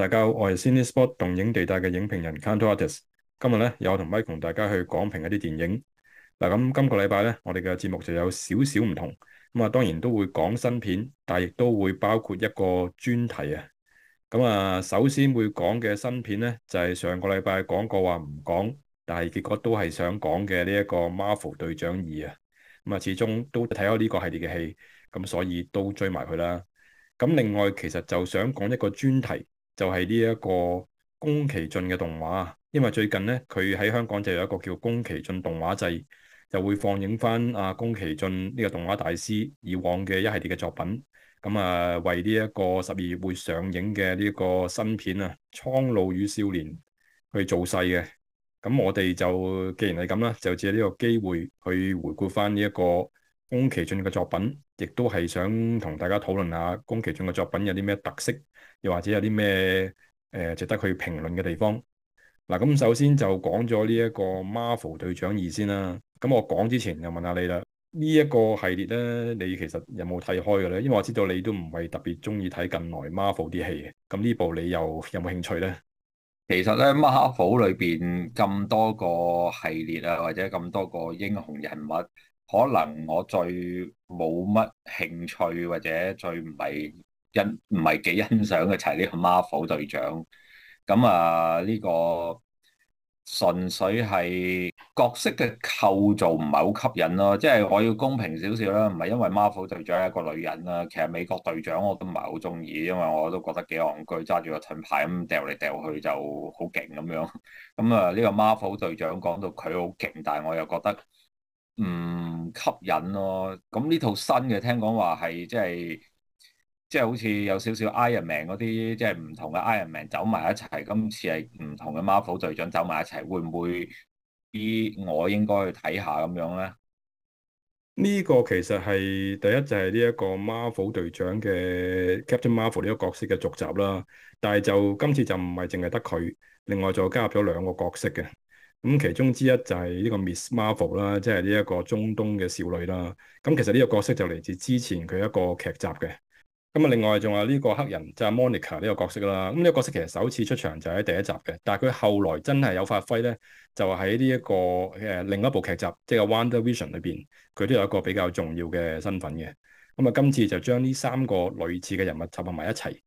大家好，我係 Cinespot 動映地帶嘅影評人 Kantorates，今日咧有我同 Michael 同大家去講評一啲電影嗱。咁今個禮拜咧，我哋嘅節目就有少少唔同咁啊。當然都會講新片，但係亦都會包括一個專題啊。咁啊，首先會講嘅新片咧就係、是、上個禮拜講過話唔講，但係結果都係想講嘅呢一個 Marvel 隊長二啊。咁啊，始終都睇咗呢個系列嘅戲，咁所以都追埋佢啦。咁另外其實就想講一個專題。就係呢一個宮崎駿嘅動畫，因為最近咧，佢喺香港就有一個叫宮崎駿動畫祭，就會放映翻啊宮崎駿呢個動畫大師以往嘅一系列嘅作品，咁啊為呢一個十二月會上映嘅呢個新片啊《蒼鷺與少年》去做勢嘅，咁我哋就既然係咁啦，就借呢個機會去回顧翻呢一個宮崎駿嘅作品。亦都係想同大家討論下宮崎駿嘅作品有啲咩特色，又或者有啲咩值得去評論嘅地方。嗱，咁首先就講咗呢一個 Marvel 隊長二先啦。咁我講之前就問下你啦，呢、這、一個系列咧，你其實有冇睇開嘅咧？因為我知道你都唔係特別中意睇近來 Marvel 啲戲嘅，咁呢部你又有冇興趣咧？其實咧，Marvel 裏邊咁多個系列啊，或者咁多個英雄人物。可能我最冇乜興趣，或者最唔係欣唔係幾欣賞嘅就係呢個 Marvel 隊長。咁啊，呢個純粹係角色嘅構造唔係好吸引咯。即係我要公平少少啦，唔係因為 Marvel 隊長係一個女人啦。其實美國隊長我都唔係好中意，因為我都覺得幾戇居，揸住個盾牌咁掉嚟掉去就好勁咁樣。咁啊，呢個 Marvel 隊長講到佢好勁，但係我又覺得。唔、嗯、吸引咯，咁呢套新嘅聽講話係即係即係好似有少少 Iron Man 嗰啲，即係唔同嘅 Iron Man 走埋一齊。今次係唔同嘅 Marvel 隊長走埋一齊，會唔會啲我應該去睇下咁樣咧？呢個其實係第一就係呢一個 Marvel 隊長嘅 Captain Marvel 呢個角色嘅續集啦。但係就今次就唔係淨係得佢，另外再加入咗兩個角色嘅。咁其中之一就係呢個 Miss Marvel 啦，即係呢一個中東嘅少女啦。咁其實呢個角色就嚟自之前佢一個劇集嘅。咁啊，另外仲有呢個黑人就係 Monica 呢個角色啦。咁呢個角色其實首次出場就喺第一集嘅，但係佢後來真係有發揮咧，就喺呢一個誒另一部劇集，即係 WandaVision 裏邊，佢都有一個比較重要嘅身份嘅。咁啊，今次就將呢三個類似嘅人物集合埋一齊。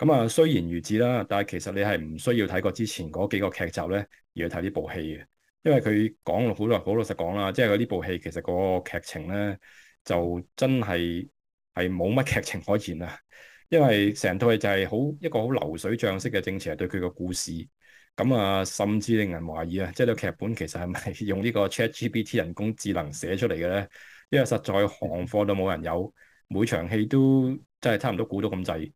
咁啊、嗯，雖然如此啦，但係其實你係唔需要睇過之前嗰幾個劇集咧，而去睇呢部戲嘅，因為佢講好耐，好老實講啦，即係佢呢部戲其實個劇情咧，就真係係冇乜劇情可言啊！因為成套戲就係好一個好流水帳式嘅政綽，對佢個故事，咁、嗯、啊，甚至令人懷疑啊，即係個劇本其實係咪用呢個 ChatGPT 人工智能寫出嚟嘅咧？因為實在行貨都冇人有，每場戲都真係差唔多估到咁滯。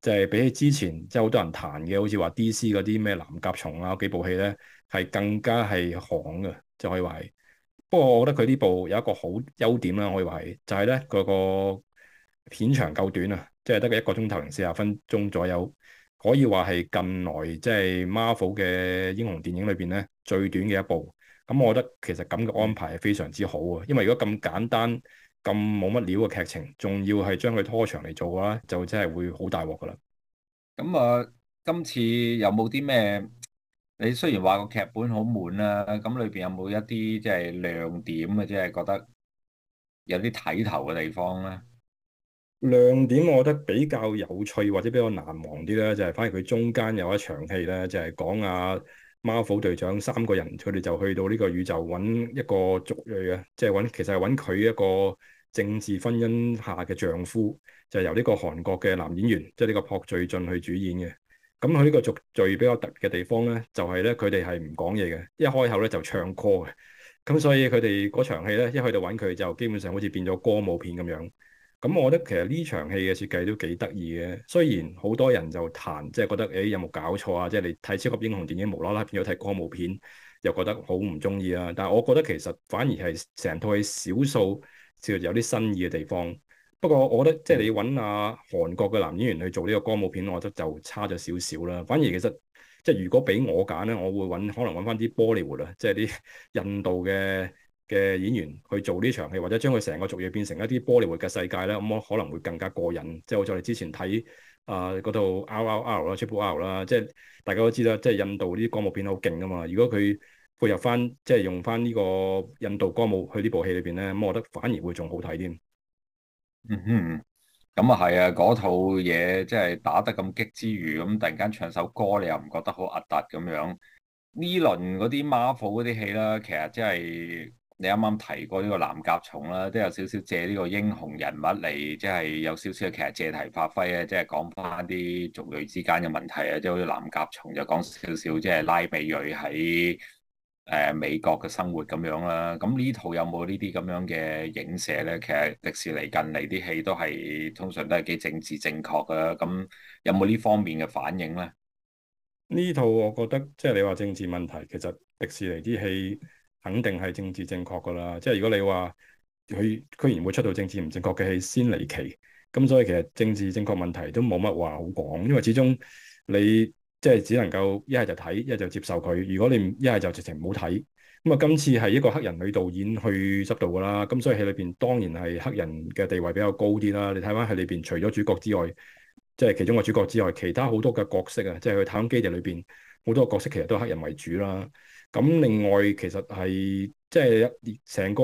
就係比起之前，即係好多人彈嘅，好似話 DC 嗰啲咩藍甲蟲啊幾部戲咧，係更加係行嘅，就可以話係。不過我覺得佢呢部有一個好優點啦，可以話係，就係咧，嗰個片長夠短啊，即係得嘅一個鐘頭零四十分鐘左右，可以話係近來即係、就係、Marvel 嘅英雄電影裏邊咧，最短嘅一部。咁我覺得其實咁嘅安排係非常之好啊，因為如果咁簡單。咁冇乜料嘅劇情，仲要係將佢拖長嚟做嘅話，就真係會好大鑊嘅啦。咁啊，今次有冇啲咩？你雖然話個劇本好悶啊，咁裏邊有冇一啲即係亮點啊？即係覺得有啲睇頭嘅地方咧？亮點我覺得比較有趣或者比較難忘啲咧，就係反而佢中間有一場戲咧，就係講阿 Marvel 隊長三個人佢哋就去到呢個宇宙揾一個族類啊，即係揾其實係揾佢一個政治婚姻下嘅丈夫就由呢個韓國嘅男演員，即係呢個朴敘俊去主演嘅。咁佢呢個續序比較特別嘅地方咧，就係咧佢哋係唔講嘢嘅，一開口咧就唱歌嘅。咁所以佢哋嗰場戲咧，一去到揾佢就基本上好似變咗歌舞片咁樣。咁我覺得其實呢場戲嘅設計都幾得意嘅。雖然好多人就彈，即係覺得誒有冇搞錯啊？即係你睇超級英雄電影無啦啦變咗睇歌舞片，又覺得好唔中意啊。但係我覺得其實反而係成套戲少數有啲新意嘅地方，不過我覺得即係你揾阿韓國嘅男演員去做呢個歌舞片，我覺得就差咗少少啦。反而其實即係如果俾我揀咧，我會揾可能揾翻啲波麗活啊，即係啲印度嘅嘅演員去做呢場戲，或者將佢成個族裔變成一啲波麗活嘅世界咧，咁、嗯、我可能會更加過癮。即係好似我哋之前睇啊嗰套 RRR, RRR, RRR 啦，Triple R 啦，即係大家都知啦，即係印度啲歌舞片好勁噶嘛。如果佢放入翻即係用翻呢個印度歌舞去呢部戲裏邊咧，咁我覺得反而會仲好睇添。嗯哼，咁啊係啊，嗰套嘢即係打得咁激之餘，咁突然間唱首歌，你又唔覺得好核突咁樣？呢輪嗰啲 Marvel 嗰啲戲啦，其實即係你啱啱提過呢個藍甲蟲啦，都有少少借呢個英雄人物嚟，即係有少少嘅其實借題發揮啊，即係講翻啲族類之間嘅問題啊，即係好似藍甲蟲就講少少即係拉比瑞喺。誒美國嘅生活咁樣啦，咁呢套有冇呢啲咁樣嘅影射咧？其實迪士尼近嚟啲戲都係通常都係幾政治正確㗎，咁有冇呢方面嘅反應咧？呢套我覺得即係你話政治問題，其實迪士尼啲戲肯定係政治正確噶啦。即係如果你話佢居然會出到政治唔正確嘅戲先離奇，咁所以其實政治正確問題都冇乜話好講，因為始終你。即係只能夠一係就睇，一係就接受佢。如果你唔一係就直情唔好睇，咁、嗯、啊，今次係一個黑人女導演去執導㗎啦，咁、嗯、所以喺裏邊當然係黑人嘅地位比較高啲啦。你睇返喺裏邊，除咗主角之外，即、就、係、是、其中個主角之外，其他好多嘅角色啊，即係去太空基地裏邊好多個角色其實都係黑人為主啦。咁、嗯、另外其實係即係成個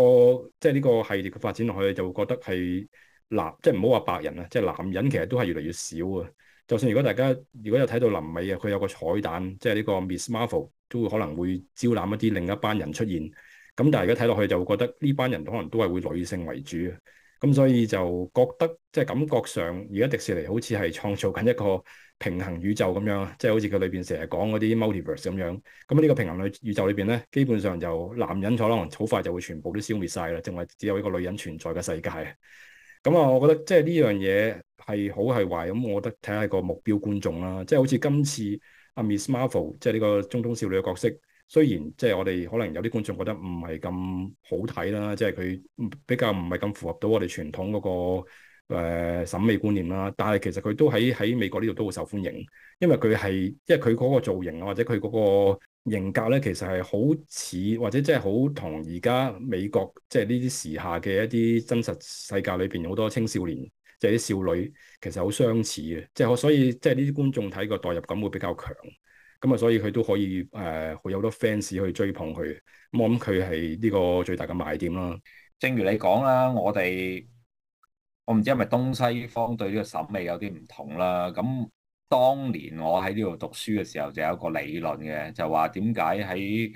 即係呢個系列嘅發展落去，就會覺得係男即係唔好話白人啊，即係男人其實都係越嚟越少啊。就算如果大家如果有睇到臨尾啊，佢有個彩蛋，即係呢個 Miss Marvel 都會可能會招攬一啲另一班人出現，咁但係而家睇落去就會覺得呢班人可能都係會女性為主，咁所以就覺得即係感覺上而家迪士尼好似係創造緊一個平衡宇宙咁樣，即係好似佢裏邊成日講嗰啲 Multiverse 咁樣，咁啊呢個平衡宇宙裏邊咧，基本上就男人可能好快就會全部都消滅晒啦，淨係只有一個女人存在嘅世界。咁啊，我覺得即係呢樣嘢。係好係壞，咁，我覺得睇下個目標觀眾啦。即、就、係、是、好似今次阿 Ms. Marvel，即係呢個中東少女嘅角色。雖然即係我哋可能有啲觀眾覺得唔係咁好睇啦，即係佢比較唔係咁符合到我哋傳統嗰、那個誒審、呃、美觀念啦。但係其實佢都喺喺美國呢度都好受歡迎，因為佢係即係佢嗰個造型或者佢嗰個型格咧，其實係好似或者即係好同而家美國即係呢啲時下嘅一啲真實世界裏邊好多青少年。即係啲少女其實好相似嘅，即係我所以即係呢啲觀眾睇個代入感會比較強，咁啊所以佢都可以誒，會、呃、有好多 fans 去追捧佢。咁我諗佢係呢個最大嘅賣點咯。正如你講啦，我哋我唔知係咪東西方對呢個審美有啲唔同啦。咁當年我喺呢度讀書嘅時候，就有一個理論嘅，就話點解喺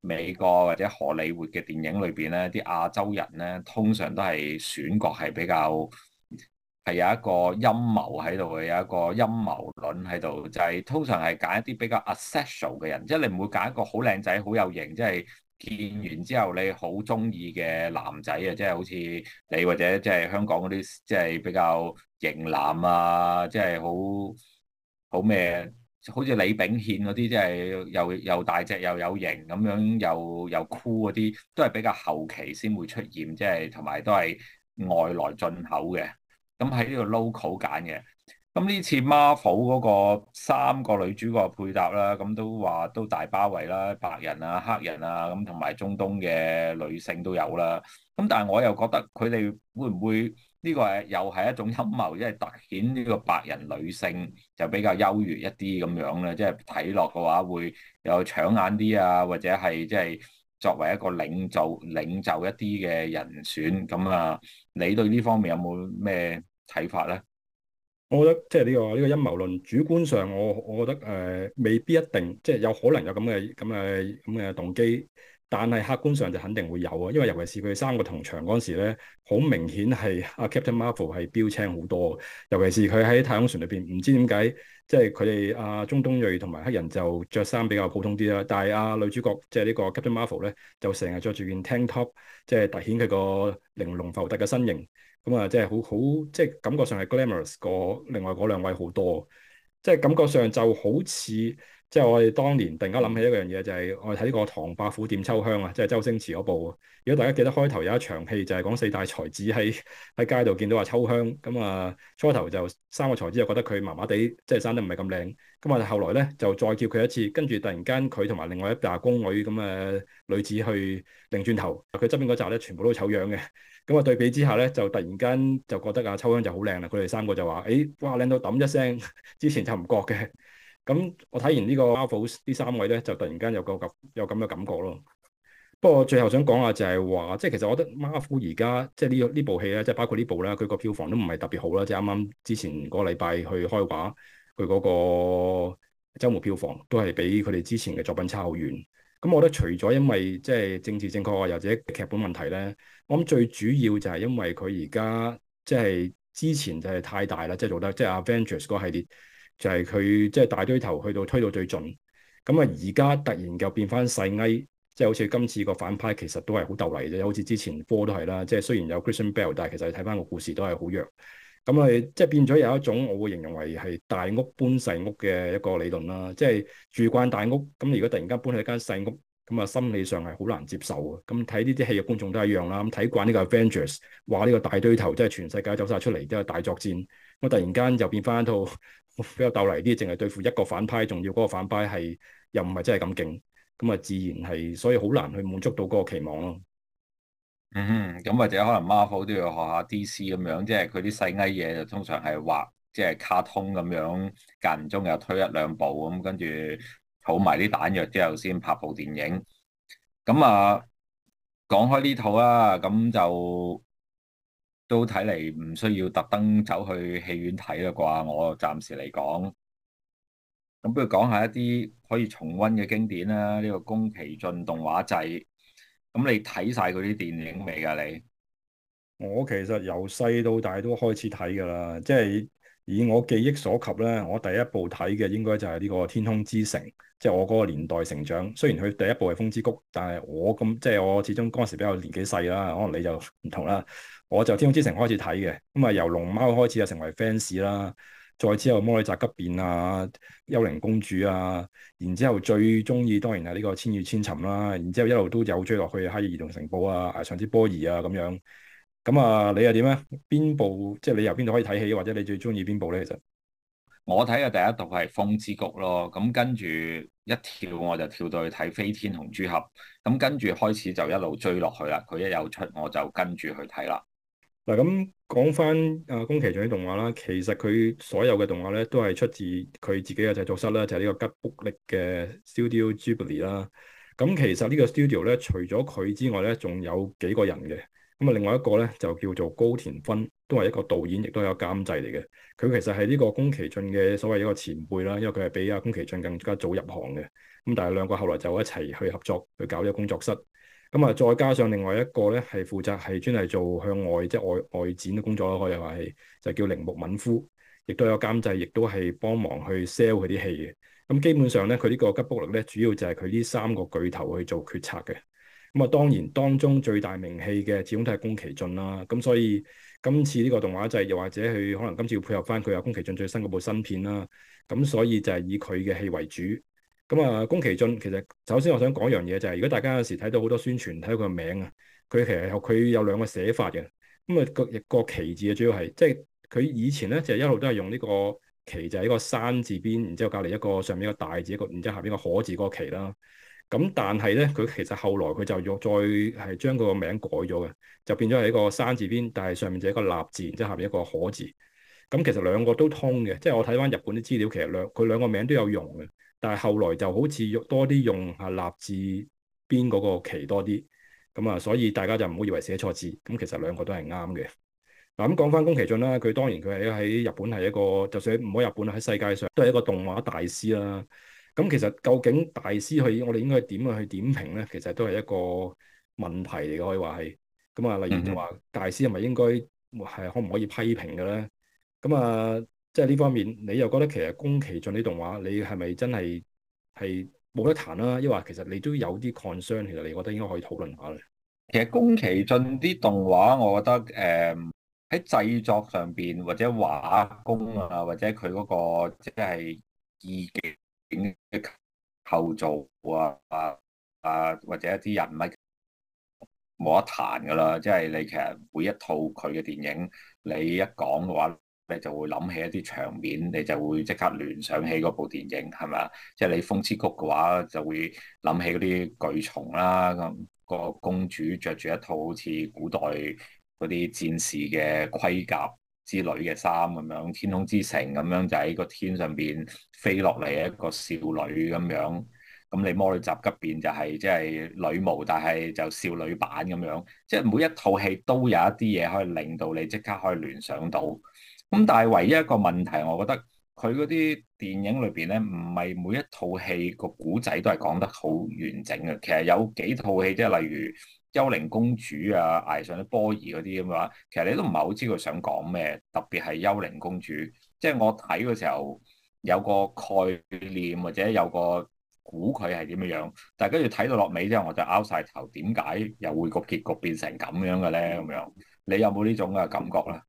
美國或者荷里活嘅電影裏邊咧，啲亞洲人咧通常都係選角係比較～係有一個陰謀喺度嘅，有一個陰謀論喺度，就係通常係揀一啲比較 accessible 嘅人，即係你唔會揀一個好靚仔、好有型，即係見完之後你好中意嘅男仔啊，即係好似你或者即係香港嗰啲即係比較型男啊，即係好好咩？好似李炳憲嗰啲，即係又又大隻又有型咁樣又，又又 cool 嗰啲，都係比較後期先會出現，即係同埋都係外來進口嘅。咁喺呢個 local 揀嘅，咁呢次 Marvel 嗰個三個女主角配搭啦，咁都話都大包圍啦，白人啊、黑人啊，咁同埋中東嘅女性都有啦。咁但係我又覺得佢哋會唔會呢個係又係一種陰謀，即係突顯呢個白人女性就比較優越一啲咁樣咧，即係睇落嘅話會又搶眼啲啊，或者係即係作為一個領袖、領袖一啲嘅人選。咁啊，你對呢方面有冇咩睇法咧，我覺得即係呢個呢個陰謀論，主觀上我我覺得誒、呃、未必一定，即係有可能有咁嘅咁嘅咁嘅動機，但係客觀上就肯定會有啊！因為尤其是佢哋三個同場嗰陣時咧，好明顯係阿 Captain Marvel 係標青好多。尤其是佢喺太空船裏邊，唔知點解即係佢哋阿中東裔同埋黑人就着衫比較普通啲啦，但係阿、啊、女主角即係呢個 Captain Marvel 咧，就成日着住件 tank top，即係凸顯佢個玲瓏浮凸嘅身形。咁啊、嗯，即係好好，即係感覺上係 glamorous 過另外嗰兩位好多，即係感覺上就好似，即係我哋當年突然間諗起一樣嘢，就係、是、我哋睇過《唐伯虎點秋香》啊，即係周星馳嗰部。如果大家記得開頭有一場戲，就係講四大才子喺喺街度見到阿秋香，咁、嗯、啊初頭就三個才子就覺得佢麻麻地，即係生得唔係咁靚，咁啊後來咧就再叫佢一次，跟住突然間佢同埋另外一紮宮女咁嘅女子去擰轉頭，佢側邊嗰紮咧全部都醜樣嘅。咁啊，對比之下咧，就突然間就覺得啊，秋香就好靚啦。佢哋三個就話，誒、欸，哇，靚到揼一聲！之前就唔覺嘅。咁我睇完呢個《Marvel》呢三位咧，就突然間有個感，有咁嘅感覺咯。不過最後想講下就係話，即係其實我覺得 Mar《Marvel》而家即係呢呢部戲咧，即係包括部呢部咧，佢個票房都唔係特別好啦。即係啱啱之前個禮拜去開畫，佢嗰個週末票房都係比佢哋之前嘅作品差好遠。咁我覺得除咗因為即係政治正確、啊、或者劇本問題咧，我諗最主要就係因為佢而家即係之前就係太大啦，即係做得即係 Avengers 嗰系列就係佢即係大堆頭去到推到最盡，咁啊而家突然就變翻細蟻，即係好似今次個反派其實都係好鬥嚟啫，好似之前 Thor 都係啦，即係雖然有 Christian Bale，但係其實你睇翻個故事都係好弱。咁啊，即係變咗有一種，我會形容為係大屋搬細屋嘅一個理論啦。即係住慣大屋，咁如果突然間搬去一間細屋，咁啊心理上係好難接受嘅。咁睇呢啲戲嘅觀眾都係一樣啦。咁睇慣呢個 Avengers，話呢個大堆頭即係全世界走晒出嚟都有大作戰，咁突然間又變翻一套比較鬥嚟啲，淨係對付一個反派，仲要嗰個反派係又唔係真係咁勁，咁啊自然係所以好難去滿足到嗰個期望咯。嗯，咁或者可能 Marvel 都要學下 DC 咁樣，即係佢啲細矮嘢就通常係畫，即係卡通咁樣，間唔中又推一兩部咁，跟住儲埋啲彈藥之後先拍部電影。咁啊，講開呢套啦，咁就都睇嚟唔需要特登走去戲院睇啦啩？我暫時嚟講，咁不如講下一啲可以重溫嘅經典啦，呢個宮崎駿動畫祭。咁你睇晒嗰啲電影未噶？你我其實由細到大都開始睇噶啦，即係以我記憶所及咧，我第一部睇嘅應該就係呢個《天空之城》，即係我嗰個年代成長。雖然佢第一部係《風之谷》，但係我咁即係我始終嗰陣時比較年紀細啦，可能你就唔同啦。我就《天空之城》開始睇嘅，咁啊由龍貓開始就成為 fans 啦。再之後，魔女宅急便啊，幽靈公主啊，然之後最中意當然係呢個千與千尋啦，啊。然之後一路都有追落去《哈爾移動城堡》啊，上啊《崖上の波兒》啊咁樣。咁啊，你又點咧？邊部即係你由邊度可以睇起，或者你最中意邊部咧？其實我睇嘅第一度係《風之谷》咯，咁跟住一跳我就跳到去睇《飛天紅豬俠》，咁跟住開始就一路追落去啦。佢一有出我就跟住去睇啦。嗱，咁講翻啊，宮崎駿啲動畫啦，其實佢所有嘅動畫咧都係出自佢自己嘅製作室啦，就係、是、呢個吉卜力嘅 Studio Ghibli 啦。咁其實呢個 studio 咧，除咗佢之外咧，仲有幾個人嘅。咁啊，另外一個咧就叫做高畑勳，都係一個導演，亦都有監製嚟嘅。佢其實係呢個宮崎駿嘅所謂一個前輩啦，因為佢係比阿宮崎駿更加早入行嘅。咁但係兩個後來就一齊去合作，去搞呢個工作室。咁啊，再加上另外一個咧，係負責係專係做向外即係、就是、外外展嘅工作咯，可以話係就叫鈴木敏夫，亦都有監製，亦都係幫忙去 sell 佢啲戲嘅。咁基本上咧，佢呢個吉卜力咧，主要就係佢呢三個巨頭去做決策嘅。咁啊，當然當中最大名氣嘅始終都係宮崎駿啦。咁所以今次呢個動畫祭、就、又、是、或者佢可能今次要配合翻佢有宮崎駿最新嗰部新片啦。咁所以就係以佢嘅戲為主。咁啊、嗯，宮崎駿其實首先我想講樣嘢就係、是，如果大家有時睇到好多宣傳，睇到佢個名啊，佢其實佢有，有兩個寫法嘅。咁、那、啊、個，個個旗字啊，主要係即係佢以前咧就係、是、一路都係用呢個旗，就係、是、一個山字邊，然之後隔籬一個上面一個大字，一個然之後下邊一個可字嗰個旗啦。咁但係咧，佢其實後來佢就要再係將佢個名改咗嘅，就變咗係一個山字邊，但係上面就一個立字，然之後下邊一個可字。咁其實兩個都通嘅，即係我睇翻日本啲資料，其實兩佢兩個名都有用嘅。但係後來就好似用多啲用嚇立字邊嗰個旗多啲，咁啊，所以大家就唔好以為寫錯字，咁其實兩個都係啱嘅。嗱，咁講翻宮崎駿啦，佢當然佢係喺日本係一個，就算唔好日本喺世界上都係一個動畫大師啦。咁其實究竟大師去，我哋應該點樣去點評咧？其實都係一個問題嚟嘅，可以話係。咁啊，例如話大師係咪應該係可唔可以批評嘅咧？咁啊？即係呢方面，你又覺得其實宮崎駿啲動畫，你係咪真係係冇得彈啦、啊？抑或其實你都有啲 concern，其實你覺得應該可以討論下咧。其實宮崎駿啲動畫，我覺得誒喺、呃、製作上邊或者畫工者啊，啊，或者佢嗰個即係意境嘅構造啊，啊或者一啲人物冇得彈㗎啦。即係你其實每一套佢嘅電影，你一講嘅話，你就會諗起一啲場面，你就會即刻聯想起嗰部電影，係咪？即係你《風之谷》嘅話，就會諗起嗰啲巨蟲啦，咁個公主着住一套好似古代嗰啲戰士嘅盔甲之類嘅衫咁樣，天空之城咁樣就喺個天上邊飛落嚟一個少女咁樣。咁你《魔女宅急便》就係即係女巫，但係就少女版咁樣。即係每一套戲都有一啲嘢可以令到你即刻可以聯想到。咁但係唯一一個問題，我覺得佢嗰啲電影裏邊咧，唔係每一套戲個古仔都係講得好完整嘅。其實有幾套戲即係例如《幽靈公主》啊、捱《挨上啲波兒》嗰啲咁啊，其實你都唔係好知佢想講咩。特別係《幽靈公主》，即係我睇嘅時候有個概念或者有個估佢係點樣樣，但係跟住睇到落尾之後，我就拗晒頭，點解又會個結局變成咁樣嘅咧？咁樣你有冇呢種嘅感覺咧？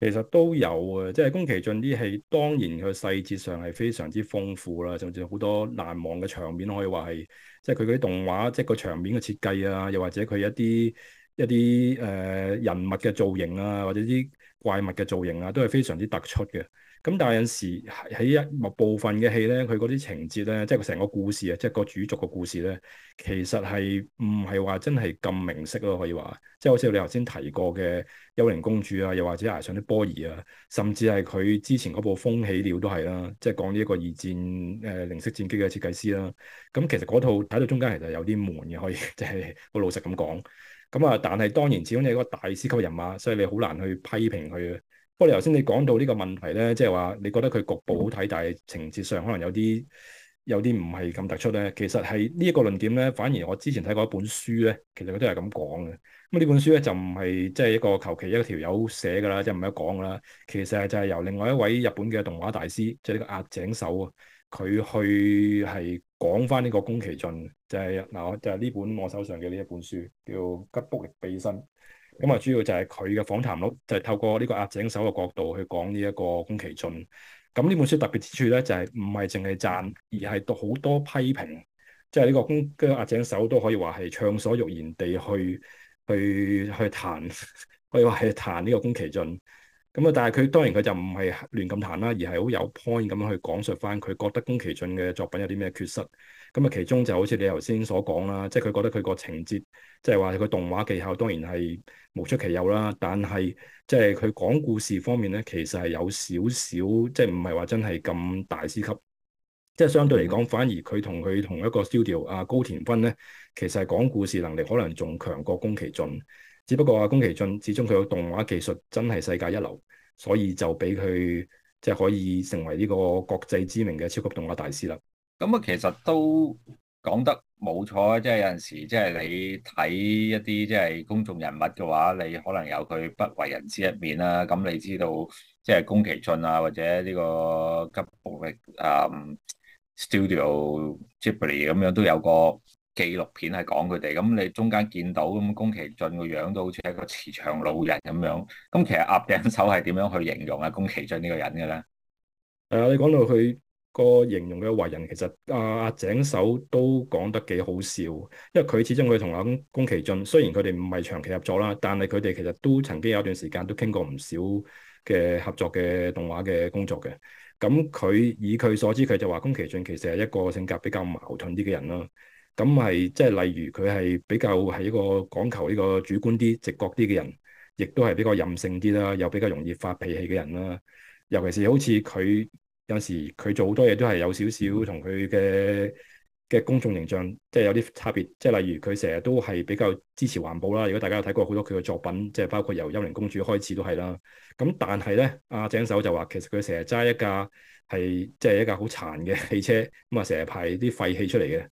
其實都有啊。即係宮崎駿啲戲，當然佢細節上係非常之豐富啦，甚至好多難忘嘅場面可以話係，即係佢嗰啲動畫，即係個場面嘅設計啊，又或者佢一啲一啲誒、呃、人物嘅造型啊，或者啲怪物嘅造型啊，都係非常之突出嘅。咁但係有陣時喺一部分嘅戲咧，佢嗰啲情節咧，即係佢成個故事啊，即係個主軸個故事咧，其實係唔係話真係咁明晰咯？可以話，即係好似你頭先提過嘅《幽靈公主》啊，又或者《崖上的波兒》啊，甚至係佢之前嗰部《風起了》都係啦、啊，即係講呢一個二戰誒、呃、零式戰機嘅設計師啦、啊。咁、嗯、其實嗰套睇到中間其實有啲悶嘅，可以即係好老實咁講。咁、嗯、啊，但係當然始終你係一個大師級人物，所以你好難去批評佢。不過你頭先你講到呢個問題咧，即係話你覺得佢局部好睇，但係情節上可能有啲有啲唔係咁突出咧。其實係呢一個論點咧，反而我之前睇過一本書咧，其實佢都係咁講嘅。咁呢本書咧就唔係即係一個求其一條友寫㗎啦，即係唔係一講㗎啦。其實就係由另外一位日本嘅動畫大師，即係呢個押井守啊，佢去係講翻呢個宮崎駿，就係、是、嗱就係、是、呢本我手上嘅呢一本書，叫《吉卜力秘辛》。咁啊，主要就係佢嘅訪談錄，就係、是、透過呢個阿井手嘅角度去講呢一個宮崎駿。咁呢本書特別之處咧，就係唔係淨係讚，而係讀好多批評，即係呢個宮跟阿井手都可以話係暢所欲言地去去去談，可以話係談呢個宮崎駿。咁啊、嗯！但係佢當然佢就唔係亂咁彈啦，而係好有 point 咁樣去講述翻佢覺得宮崎駿嘅作品有啲咩缺失。咁、嗯、啊，其中就好似你頭先所講啦，即係佢覺得佢個情節，即係話佢個動畫技巧當然係無出其右啦。但係即係佢講故事方面咧，其實係有少少即係唔係話真係咁大師級，即係相對嚟講，反而佢同佢同一個 studio 啊高田勳咧，其實係講故事能力可能仲強過宮崎駿。只不過啊，宮崎駿始終佢個動畫技術真係世界一流。所以就俾佢即係可以成為呢個國際知名嘅超級動畫大師啦。咁啊，其實都講得冇錯啊！即係有陣時，即係你睇一啲即係公眾人物嘅話，你可能有佢不為人知一面啦。咁你知道，即係宮崎駿啊，或者呢個吉卜力啊，Studio Ghibli 咁樣都有個。紀錄片係講佢哋，咁你中間見到咁，宮崎駿個樣都好似一個慈祥老人咁樣。咁其實押井守係點樣去形容阿、啊、宮崎駿呢個人嘅咧？係、啊、你講到佢個形容嘅為人其實阿、啊啊、井守都講得幾好笑。因為佢始終佢同阿宮崎駿，雖然佢哋唔係長期合作啦，但係佢哋其實都曾經有一段時間都傾過唔少嘅合作嘅動畫嘅工作嘅。咁佢以佢所知，佢就話宮崎駿其實係一個性格比較矛盾啲嘅人咯。咁係即係例如佢係比較係一個講求呢個主觀啲、直覺啲嘅人，亦都係比較任性啲啦，又比較容易發脾氣嘅人啦。尤其是好似佢有時佢做好多嘢都係有少少同佢嘅嘅公眾形象即係有啲差別。即係例如佢成日都係比較支持環保啦。如果大家有睇過好多佢嘅作品，即係包括由《幽靈公主》開始都係啦。咁但係咧，阿鄭手就話其實佢成日揸一架係即係一架好殘嘅汽車，咁啊成日排啲廢氣出嚟嘅。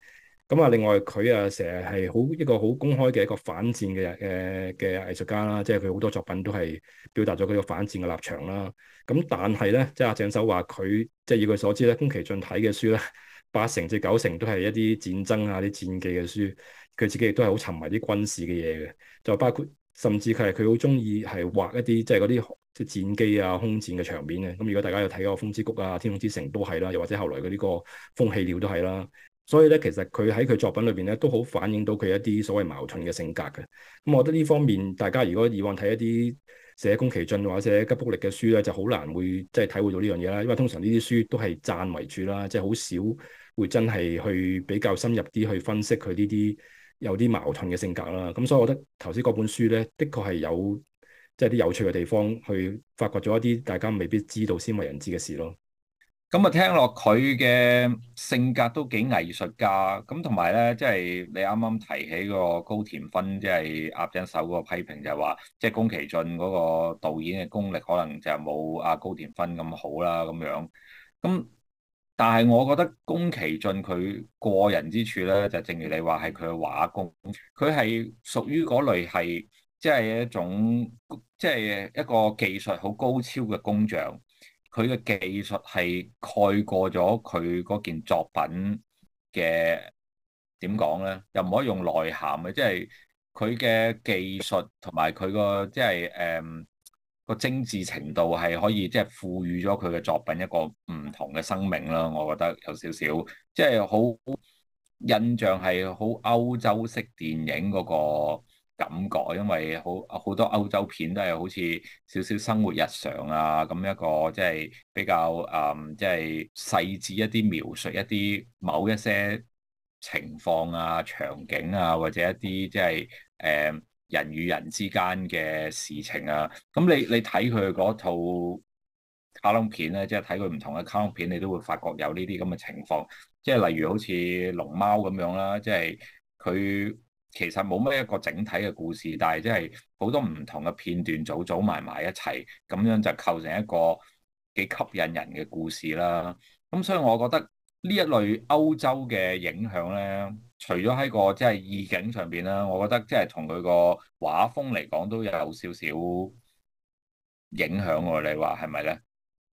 咁啊，另外佢啊，成日係好一個好公開嘅一個反戰嘅嘅嘅藝術家啦，即係佢好多作品都係表達咗佢個反戰嘅立場啦。咁但係咧，即係阿鄭守華，佢即係以佢所知咧，宮崎駿睇嘅書咧，八成至九成都係一啲戰爭啊、啲戰記嘅書。佢自己亦都係好沉迷啲軍事嘅嘢嘅，就包括甚至佢係佢好中意係畫一啲即係嗰啲即戰機啊、空戰嘅場面嘅。咁如果大家有睇嗰個《風之谷》啊，《天空之城》都係啦，又或者後來嘅呢個《風起了》都係啦。所以咧，其實佢喺佢作品裏邊咧，都好反映到佢一啲所謂矛盾嘅性格嘅。咁我覺得呢方面，大家如果以往睇一啲寫宮崎駿或者吉卜力嘅書咧，就好難會即係體會到呢樣嘢啦。因為通常呢啲書都係讚為主啦，即係好少會真係去比較深入啲去分析佢呢啲有啲矛盾嘅性格啦。咁所以我覺得頭先嗰本書咧，的確係有即係啲有趣嘅地方，去發掘咗一啲大家未必知道先為人知嘅事咯。咁啊，聽落佢嘅性格都幾藝術家，咁同埋咧，即係你啱啱提起個高畑勳，即係鴨掌手嗰個批評就，就係話，即係宮崎駿嗰個導演嘅功力可能就冇阿高畑勳咁好啦，咁樣。咁但係我覺得宮崎駿佢過人之處咧，就正如你話係佢嘅畫工，佢係屬於嗰類係即係一種即係一個技術好高超嘅工匠。佢嘅技術係蓋過咗佢嗰件作品嘅，點講咧，又唔可以用內涵嘅，即係佢嘅技術同埋佢個即係誒、嗯、個精緻程度係可以即係賦予咗佢嘅作品一個唔同嘅生命啦。我覺得有少少即係好印象係好歐洲式電影嗰、嗰個感覺，因為好好多歐洲片都係好似少少生活日常啊，咁一個即係比較誒，即係細緻一啲描述一啲某一些情況啊、場景啊，或者一啲即係誒人與人之間嘅事情啊。咁你你睇佢嗰套卡通片咧，即係睇佢唔同嘅卡通片，你都會發覺有呢啲咁嘅情況。即係例如好似《龍貓》咁樣啦，即係佢。其實冇乜一個整體嘅故事，但係即係好多唔同嘅片段組組埋埋一齊，咁樣就構成一個幾吸引人嘅故事啦。咁所以我覺得呢一類歐洲嘅影響咧，除咗喺個即係意境上邊啦，我覺得即係同佢個畫風嚟講都有少少影響喎。你話係咪咧？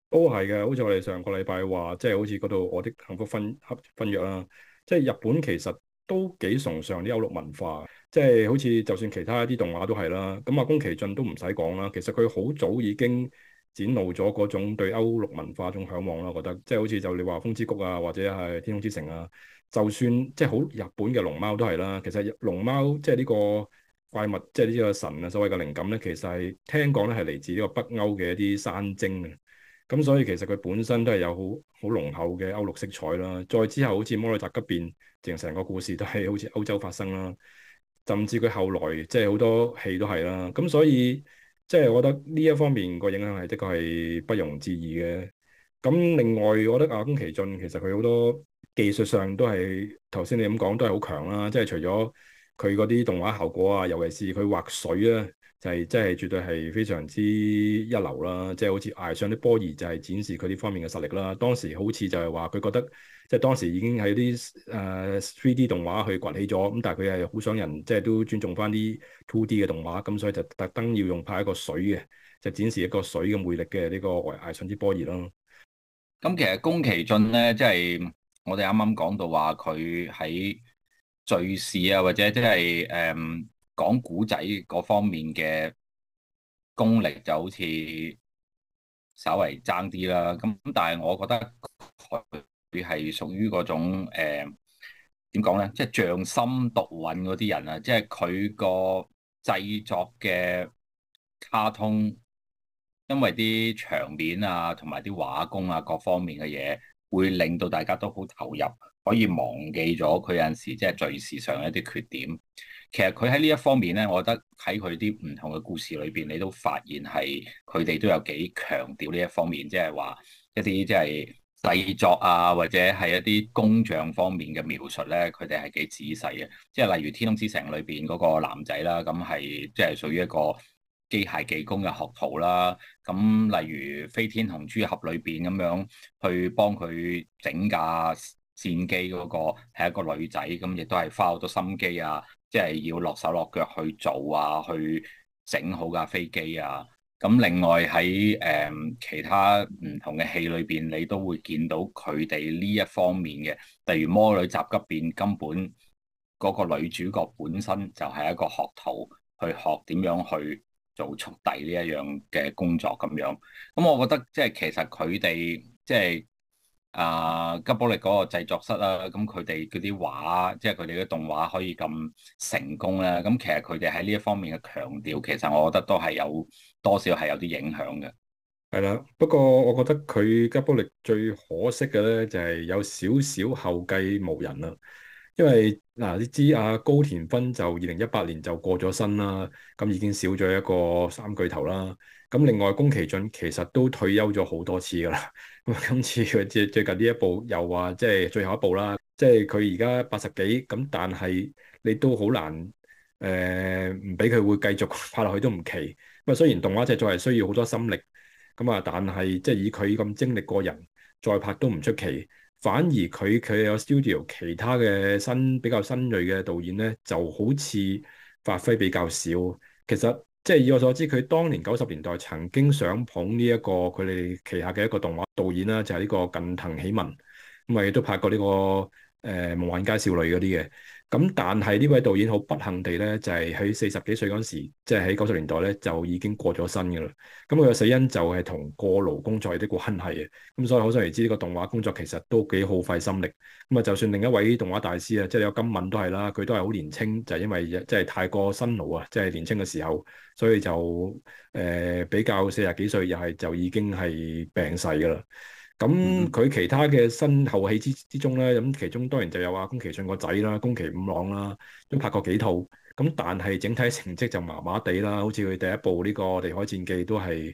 都係嘅，好似我哋上個禮拜話，即係好似嗰度《我的幸福婚婚約》啦，即係日本其實。都幾崇尚啲歐陸文化，即係好似就算其他一啲動畫都係啦，咁啊宮崎駿都唔使講啦，其實佢好早已經展露咗嗰種對歐陸文化種嚮往咯，我覺得即係好似就你話風之谷啊，或者係天空之城啊，就算即係好日本嘅龍貓都係啦，其實龍貓即係呢個怪物，即係呢個神啊，所謂嘅靈感咧，其實係聽講咧係嚟自呢個北歐嘅一啲山精啊。咁所以其實佢本身都係有好好濃厚嘅歐陸色彩啦，再之後好似魔女宅急便，成成個故事都係好似歐洲發生啦，甚至佢後來即係好多戲都係啦，咁所以即係我覺得呢一方面個影響係的確係不容置疑嘅。咁另外我覺得啊宮崎駿其實佢好多技術上都係頭先你咁講都係好強啦，即係除咗佢嗰啲動畫效果啊，尤其是佢畫水啊。就係真係絕對係非常之一流啦！即係好似崖上の波兒就係展示佢呢方面嘅實力啦。當時好似就係話佢覺得，即係當時已經喺啲誒 3D 動畫去崛起咗，咁但係佢係好想人即係都尊重翻啲 2D 嘅動畫，咁所以就特登要用拍一個水嘅，就展示一個水嘅魅力嘅呢個崖上の波兒咯。咁其實宮崎駿咧，即係我哋啱啱講到話佢喺敘士啊，或者即係誒。嗯講古仔嗰方面嘅功力就好似稍為爭啲啦，咁但係我覺得佢係屬於嗰種誒點講咧，即係匠心獨運嗰啲人啊，即係佢個製作嘅卡通，因為啲場面啊同埋啲畫工啊各方面嘅嘢，會令到大家都好投入，可以忘記咗佢有陣時即係敘事上一啲缺點。其實佢喺呢一方面咧，我覺得喺佢啲唔同嘅故事裏邊，你都發現係佢哋都有幾強調呢一方面，即係話一啲即係製作啊，或者係一啲工匠方面嘅描述咧，佢哋係幾仔細嘅。即係例如《天空之城》裏邊嗰個男仔啦，咁係即係屬於一個機械技工嘅學徒啦。咁例如《飛天紅豬俠》裏邊咁樣去幫佢整架戰機嗰個係一個女仔，咁亦都係花好多心機啊。即係要落手落腳去做啊，去整好架飛機啊。咁另外喺誒、嗯、其他唔同嘅戲裏邊，你都會見到佢哋呢一方面嘅。例如《魔女宅急便》根本嗰個女主角本身就係一個學徒，去學點樣去做速遞呢一樣嘅工作咁樣。咁我覺得即係其實佢哋即係。啊！Uh, 吉卜力嗰個製作室啦、啊，咁佢哋嗰啲畫，即係佢哋嘅動畫可以咁成功啦、啊。咁、嗯、其實佢哋喺呢一方面嘅強調，其實我覺得都係有多少係有啲影響嘅。係啦，不過我覺得佢吉卜力最可惜嘅咧，就係、是、有少少後繼無人啦。因為嗱、啊，你知啊，高田勳就二零一八年就過咗身啦，咁已經少咗一個三巨頭啦。咁另外宮崎駿其實都退休咗好多次噶啦。今次佢最最近呢一部又話即係最後一部啦，即係佢而家八十幾，咁但係你都好難誒，唔俾佢會繼續拍落去都唔奇。咁啊，雖然動畫製作係需要好多心力，咁啊，但係即係以佢咁精力過人，再拍都唔出奇。反而佢佢有 studio 其他嘅新比較新銳嘅導演咧，就好似發揮比較少。其實～即係以我所知，佢當年九十年代曾經想捧呢、這、一個佢哋旗下嘅一個動畫導演啦，就係、是、呢個近藤喜文，咁啊亦都拍過呢、這個誒夢幻街少女嗰啲嘅。咁但係呢位導演好不幸地咧，就係喺四十幾歲嗰時，即係喺九十年代咧，就已經過咗身嘅啦。咁佢嘅死因就係同過勞工作有啲個關係嘅，咁、嗯、所以可想而知呢、這個動畫工作其實都幾耗費心力。咁、嗯、啊，就算另一位動畫大師啊，即係有金敏都係啦，佢都係好年輕，就是、因為即係、就是、太過辛勞啊，即、就、係、是、年輕嘅時候，所以就誒、呃、比較四十幾歲又係就已經係病逝嘅啦。咁佢、嗯、其他嘅新後戲之之中咧，咁其中當然就有阿宮崎駿個仔啦，宮崎五郎啦，都拍過幾套。咁但係整體成績就麻麻地啦，好似佢第一部呢個《地海戰記》都係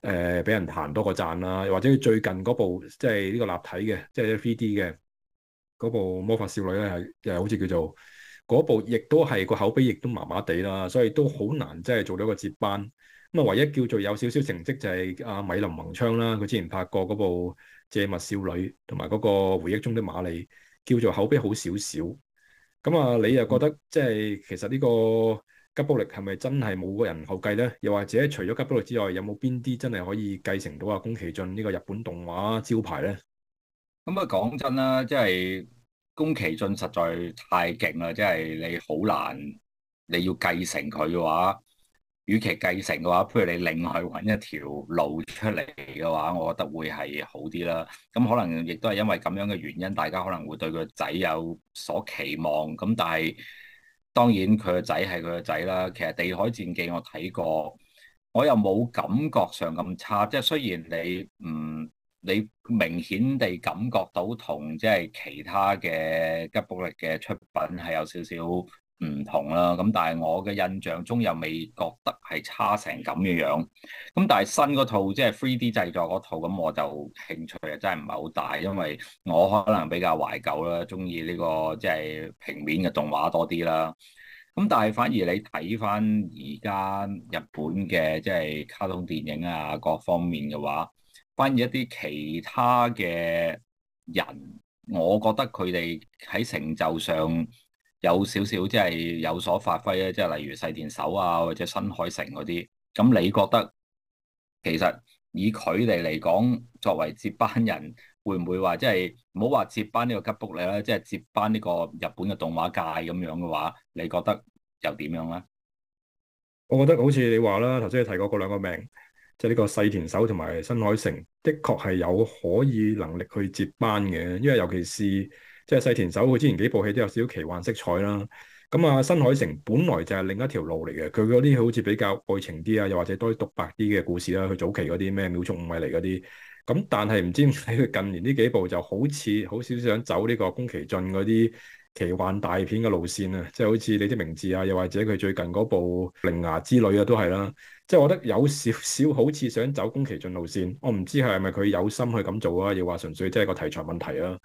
誒俾人彈多個讚啦，或者佢最近嗰部即係呢個立體嘅，即係 3D 嘅嗰部魔法少女咧，係又係好似叫做嗰部，亦都係個口碑亦都麻麻地啦，所以都好難即係做到個接班。咁啊，唯一叫做有少少成績就係阿米林宏昌啦，佢之前拍過嗰部《借物少女》同埋嗰個《回憶中的馬利》，叫做口碑好少少。咁啊，你又覺得即係其實呢個吉卜力係咪真係冇人後繼咧？又或者除咗吉卜力之外，有冇邊啲真係可以繼承到阿宮崎駿呢個日本動畫招牌咧？咁啊，講真啦，即係宮崎駿實在太勁啦，即係你好難你要繼承佢嘅話。與其繼承嘅話，譬如你另外揾一條路出嚟嘅話，我覺得會係好啲啦。咁可能亦都係因為咁樣嘅原因，大家可能會對佢個仔有所期望。咁但係當然佢個仔係佢個仔啦。其實《地海戰記》我睇過，我又冇感覺上咁差。即係雖然你唔、嗯，你明顯地感覺到同即係其他嘅吉卜力嘅出品係有少少。唔同啦，咁但係我嘅印象中又未覺得係差成咁嘅樣。咁但係新嗰套即係 3D 製作嗰套，咁我就興趣啊真係唔係好大，因為我可能比較懷舊啦，中意呢個即係平面嘅動畫多啲啦。咁但係反而你睇翻而家日本嘅即係卡通電影啊，各方面嘅話，反而一啲其他嘅人，我覺得佢哋喺成就上。有少少即係有所發揮咧，即係例如細田守啊或者新海誠嗰啲，咁你覺得其實以佢哋嚟講作為接班人，會唔會話即係唔好話接班呢個吉卜 t 啦？即、就、係、是、接班呢個日本嘅動畫界咁樣嘅話，你覺得又點樣咧？我覺得好似你話啦，頭先你提過嗰兩個名，即係呢個細田守同埋新海誠，的確係有可以能力去接班嘅，因為尤其是。即係細田守佢之前幾部戲都有少少奇幻色彩啦，咁啊新海誠本來就係另一條路嚟嘅，佢嗰啲好似比較愛情啲啊，又或者多啲獨白啲嘅故事啦，佢早期嗰啲咩秒速五米嚟嗰啲，咁但係唔知點解佢近年呢幾部就好似好少少想走呢個宮崎駿嗰啲奇幻大片嘅路線啊，即係好似你的名字啊，又或者佢最近嗰部《靈牙之旅》啊都係啦，即係我覺得有少少好似想走宮崎駿路線，我唔知係咪佢有心去咁做啊，亦或純粹即係個題材問題啊？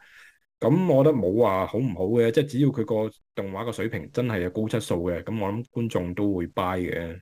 咁我覺得冇話好唔好嘅，即係只要佢個動畫個水平真係有高質素嘅，咁我諗觀眾都會 buy 嘅。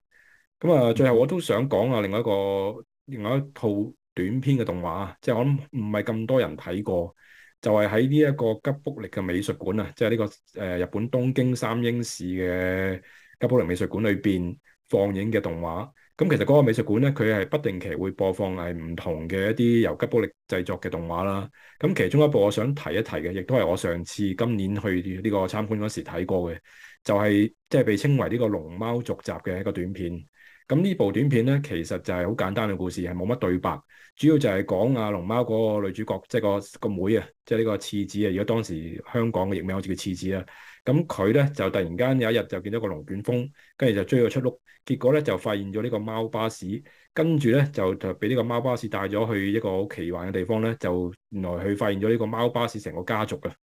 咁啊，最後我都想講下另外一個另外一套短篇嘅動畫，即係我諗唔係咁多人睇過，就係喺呢一個吉卜力嘅美術館啊，即係呢、這個誒、呃、日本東京三鷹市嘅吉卜力美術館裏邊放映嘅動畫。咁其實嗰個美術館咧，佢係不定期會播放係唔同嘅一啲由吉卜力製作嘅動畫啦。咁其中一部我想提一提嘅，亦都係我上次今年去呢個參觀嗰時睇過嘅，就係即係被稱為呢個《龍貓》續集嘅一個短片。咁呢部短片咧，其實就係好簡單嘅故事，係冇乜對白，主要就係講啊，龍貓嗰個女主角，即係個個妹啊，即係呢個次子啊。如果當時香港嘅譯名好似叫次子啦，咁佢咧就突然間有一日就見到個龍捲風，跟住就追咗出屋。結果咧就發現咗呢個貓巴士，跟住咧就就俾呢個貓巴士帶咗去一個好奇幻嘅地方咧，就原來佢發現咗呢個貓巴士成個家族啊。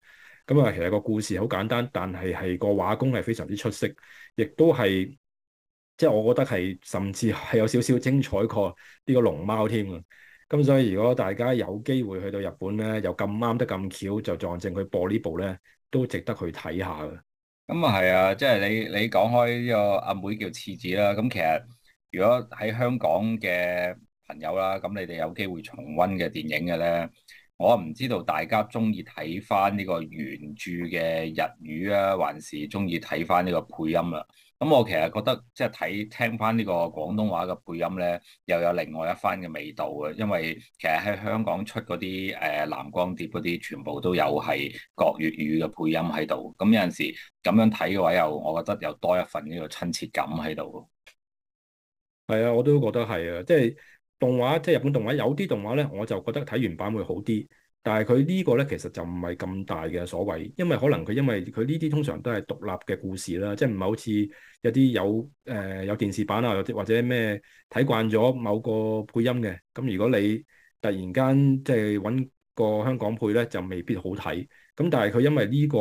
咁、嗯、啊，其實個故事好簡單，但係係個畫工係非常之出色，亦都係。即係我覺得係，甚至係有少少精彩過呢個龍貓添啊！咁所以如果大家有機會去到日本咧，又咁啱得咁巧就撞正佢播呢部咧，都值得去睇下嘅。咁啊係啊，即係你你講開呢個阿妹叫次子啦。咁其實如果喺香港嘅朋友啦，咁你哋有機會重溫嘅電影嘅咧，我唔知道大家中意睇翻呢個原著嘅日語啊，還是中意睇翻呢個配音啊。咁、嗯、我其實覺得即係睇聽返呢個廣東話嘅配音咧，又有另外一番嘅味道嘅，因為其實喺香港出嗰啲誒藍光碟嗰啲，全部都有係國粵語嘅配音喺度。咁、嗯、有陣時咁樣睇嘅話又，又我覺得有多一份呢個親切感喺度。係啊，我都覺得係啊，即係動畫，即係日本動畫，有啲動畫咧，我就覺得睇原版會好啲。但係佢呢個咧，其實就唔係咁大嘅所謂，因為可能佢因為佢呢啲通常都係獨立嘅故事啦，即係唔係好似一啲有誒、呃、有電視版啊，或者或者咩睇慣咗某個配音嘅，咁如果你突然間即係揾個香港配咧，就未必好睇。咁但係佢因為呢個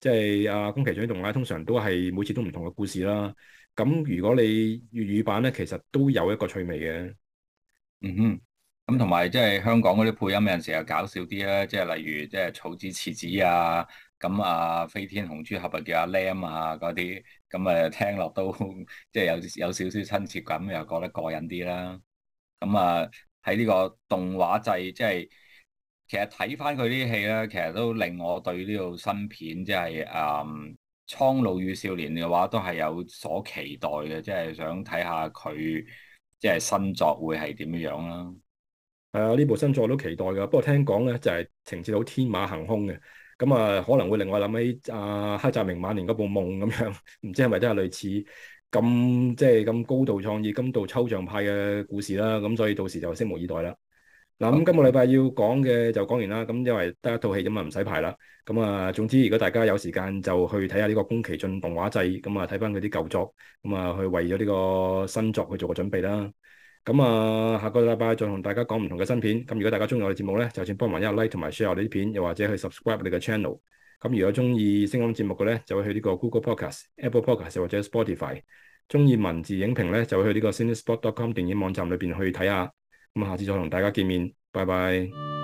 即係阿、啊、宮崎駿動畫啦，通常都係每次都唔同嘅故事啦。咁如果你粵語版咧，其實都有一個趣味嘅，嗯哼。咁同埋即係香港嗰啲配音，有陣時候又搞笑啲啦，即係例如即係草紙、瓷紙啊，咁啊飛天紅豬俠啊，叫阿 Lam 啊嗰啲，咁啊，聽落都即係有有少少親切感，又覺得過癮啲啦。咁啊喺呢個動畫祭，即係其實睇翻佢啲戲咧，其實都令我對呢套新片即係誒《蒼鷺與少年》嘅話都係有所期待嘅，即係想睇下佢即係新作會係點樣樣啦。係啊，呢部新作都期待噶，不過聽講咧就係情節到天馬行空嘅，咁啊可能會令我諗起阿、啊、黑澤明晚年嗰部《夢》咁樣，唔知係咪都係類似咁即係咁高度創意、咁到抽象派嘅故事啦，咁所以到時就拭目以待啦。嗱、啊，咁今個禮拜要講嘅就講完啦，咁因為得一套戲咁啊唔使排啦，咁啊總之如果大家有時間就去睇下呢個宮崎駿動畫祭，咁啊睇翻佢啲舊作，咁啊去為咗呢個新作去做個準備啦。咁啊，下個禮拜再同大家講唔同嘅新片。咁如果大家中意我哋節目咧，就算幫忙一個 like 同埋 share 我哋啲片，又或者去 subscribe 我哋嘅 channel。咁如果中意聲音節目嘅咧，就會去呢個 Google Podcast、Apple Podcast 或者 Spotify。中意文字影評咧，就會去呢個 Cinespot.com 電影網站裏邊去睇下。咁下次再同大家見面，拜拜。